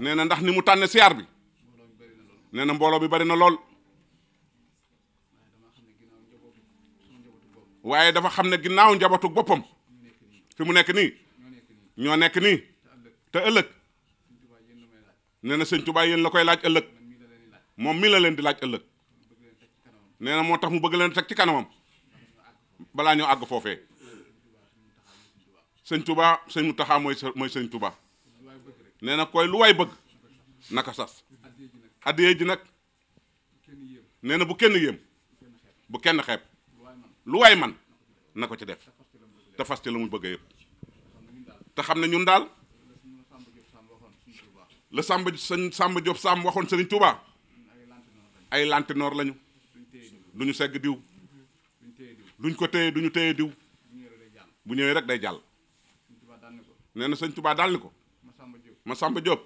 nee na ndax ni mu tànne siyaar bi nee na mbooloo bi bari na lool waaye dafa xam ne ginnaaw njabootu boppam fi mu nekk nii ñoo nekk nii te ëllëg nee na sëñ Tuubaa yéen la koy laaj ëllëg moom mii la leen di laaj ëllëg nee na moo tax mu bëgg leen teg ci kanamam balaa ñoo àgg foofee sëñ Tuubaa sëñ Muntaxaa mooy mooy sëñ tubaa nee na koy lu waay bëgg naka sas addiyee ji nag nee na bu kenn yéem bu kenn xeeb lu waay man na ko ci def te fas ci la mu bëgg yëpp te xam ne ñun daal la Samba sëñ Samba Diop Samb waxoon Sëriñ Tuubaa ay lantinoor lañu ñu segg diw duñ ko téye duñu téye diw bu ñëwee rek day jàll nee na Sëñ Tuubaa daal ni ko ma Massamba Diop.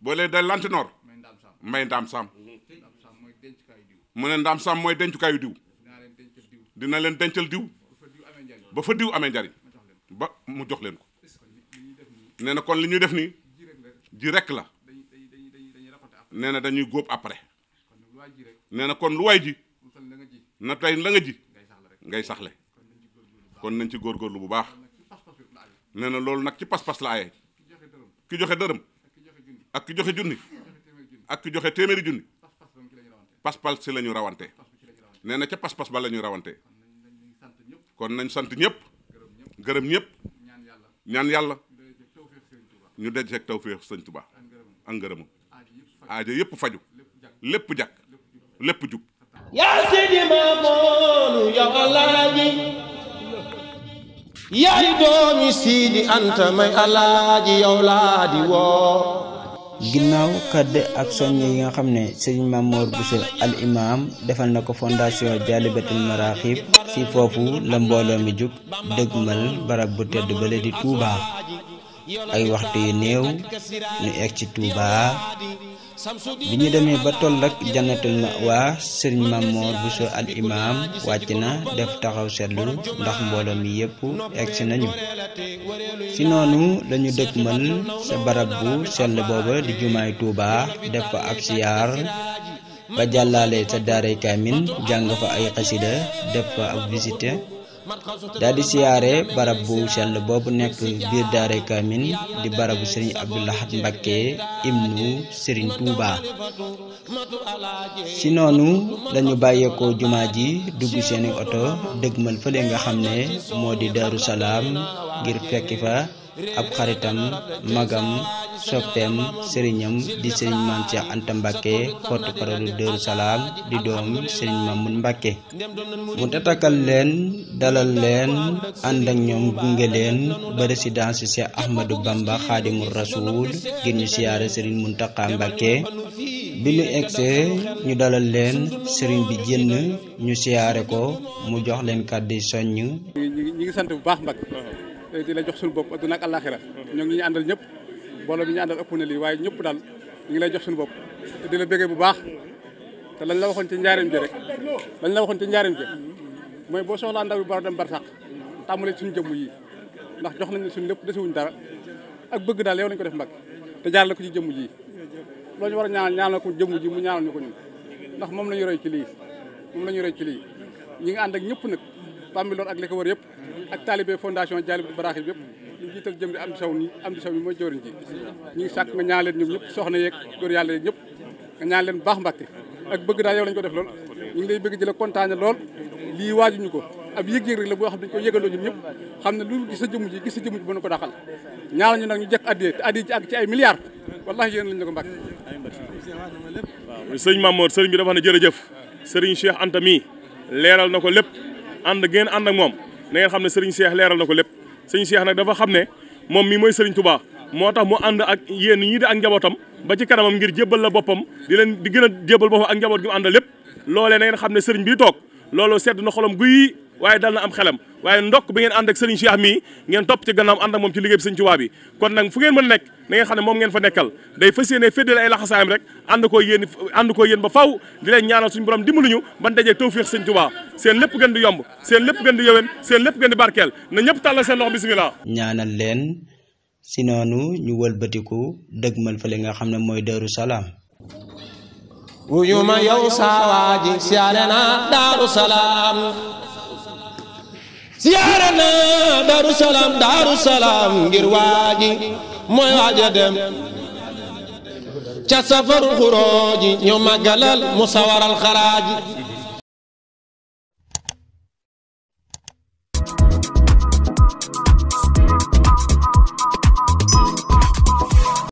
boo lee day lantinoor. mbay ndaam Samb. mu ne ndaam Samb mooy dencukaayu diw. dina leen dencal diw. ba fa diw amee njariñ ba mu jox leen ko. nee na kon li ñuy def nii. ji rek la. nee na dañuy góob après. nee na kon lu waay ji. na tey la nga ji. ngay saxle kon nañ ci góorgóorlu bu baax. nee na loolu nag ci pas-pas la aye ki joxe dërëm ak ki joxe junni ak ki joxe téeméeri junni pas-pas si la ñu rawante nee na ca pas-pas ba la ñu rawante kon nañ sant ñëpp gërëm ñëpp ñaan yàlla ñu dejeeg tawféex sëñ Tuubaa ak ngërëmam aajo yëpp faju lépp jàkk lépp jub yaa sidi maamoonu yow alaaji ginnaaw kàdde ak soññe yi nga xam ne sëriñ Mamour Bousso al imam defal na ko fondation Jaalibatul Maraaxib ci foofu la mbooloo mi jug dëgmal barab bu tedd bële di Touba ay waxtu yu néew ñu egg ci Touba bi ñu demee ba toll ak jannatul waa sëriñ Mamor Bousso al imaam wàcc na def taxaw seetlu ndax mbooloo mi yépp egsi nañu si noonu lañu dëkkmal sa barab bu sell booba di jumaay Touba def ko ab siyaar ba jàllaale sa daaray kaamin jàng fa ay xasida def ko ab visite daal di siyaare barab bu sell boobu nekk biir daare kamin di barabu sëriñ Abdou Lahad Mbacké ibnu sëriñ Touba ci noonu lañu bàyyeekoo jumaa ji dugg seeni oto dëgmal fële nga xam ne moo di Daaru Salaam ngir fekki fa ab xaritam magam soppeem sëriñam di sëriñ maam Cheikh Anta Mbacke porte-parole Daaru Salaam di doom sëriñ Mamoun Mbacke mu tatakal leen dalal leen ànd ak ñoom gunge leen ba résidence Cheikh Ahmadou Bamba Xaadimu Rasuul ngir ñu siyaare sëriñ Muntaqa Mbacke bi ñu egsee ñu dalal leen sëriñ bi jën ñu siyaare ko mu jox leen kàddu soññ ñi ngi sant bu baax Mbacke di la jox suñu bopp adduna ak àllaaxira ñoo ngi àndal ñëpp mbooloo bi ñu àndal ëpp na yi waaye ñëpp daal ñu ngi lay jox suñu bopp te di la bëggee bu baax te lañ la waxoon ci njaareem ji rek lañ la waxoon ci njaareem ji mooy boo soxlaa ndaw yu bar saq barsax tàmbalee suñu jëmm yi ndax jox nañ suñu lépp desewuñ dara ak bëgg daal yow lañ ko def mbag te jaar la ko ci jëmm ji loo ñu war ñaan ñaanal ñaanal ko jëmm ji mu ñaanal ñu ko ñun ndax moom la ñu roy ci lii moom la ñu roy ci lii ñi ngi ànd ak ñëpp nag Bambilor ak li ko yëpp ak taalibe fondation Dialibatoul Marakhib yëpp ñu jiital jëm di am saw ni am di saw ni mooy joriñ ji ñu ngi sàkk nga ñaan leen ñoom ñëpp soxna yeeg góor yàlla yeeg ñëpp nga ñaan leen baax mbàkke ak bëgg daal lañ ko def lool ñu ngi lay bëgg di la kontaane lool lii waajuñu ko ab yëg-yëg rek la boo xam ne dañ ko yëgaloo ñun xam ne lu gis sa jëmm ji gis sa ko daxal ñaar ñu nag ñu jekk addiyee te addiye ci àgg ci ay milliards wallahi yéen lañ la ko mbàkke waaw sëñ Mamour sëriñ bi dafa wax ne jërëjëf sëriñ Cheikh Anta mii leeral na ko lépp and ngeen ànd ak moom na ngeen xam ne sëriñ Cheikh leeral na ko lépp sëñ Cheikh nag dafa xam ne moom mii mooy Serigne Touba moo tax mu ànd ak yéen ñii de ak njabootam ba ci kanamam ngir jébbal la boppam di leen di gën a jébbal boppam ak njaboot gi mu àndal lépp loole na ngeen xam ne sëriñ bi toog loolu sedd na xolam guy waye dal na am xelam waye ndok bi ngeen and ak Serigne Cheikh mi ngeen top ci gannaam and ak mom ci liggéey Serigne Touba bi kon nak fu ngeen mën nek na ngeen xamne mom ngeen fa nekkal day fassiyene fedel ay laxasam rek and ko yeen and ko yeen ba faw di len ñaanal suñu borom ñu ban dajje tawfiq Serigne Touba seen lepp gën di yomb seen lepp gën di yewen seen lepp gën di barkel na ñepp tàllal seen lox bismillah ñaanal len sinonu ñu wëlbatiku deggmal fa li nga xamne moy daru salam wuyuma yow sawaaji siyaare na siyaara na Daaru Salaam Daaru Salaam waaja dem ca safarul xurooji ñu màggalal mu sawaral xaraaji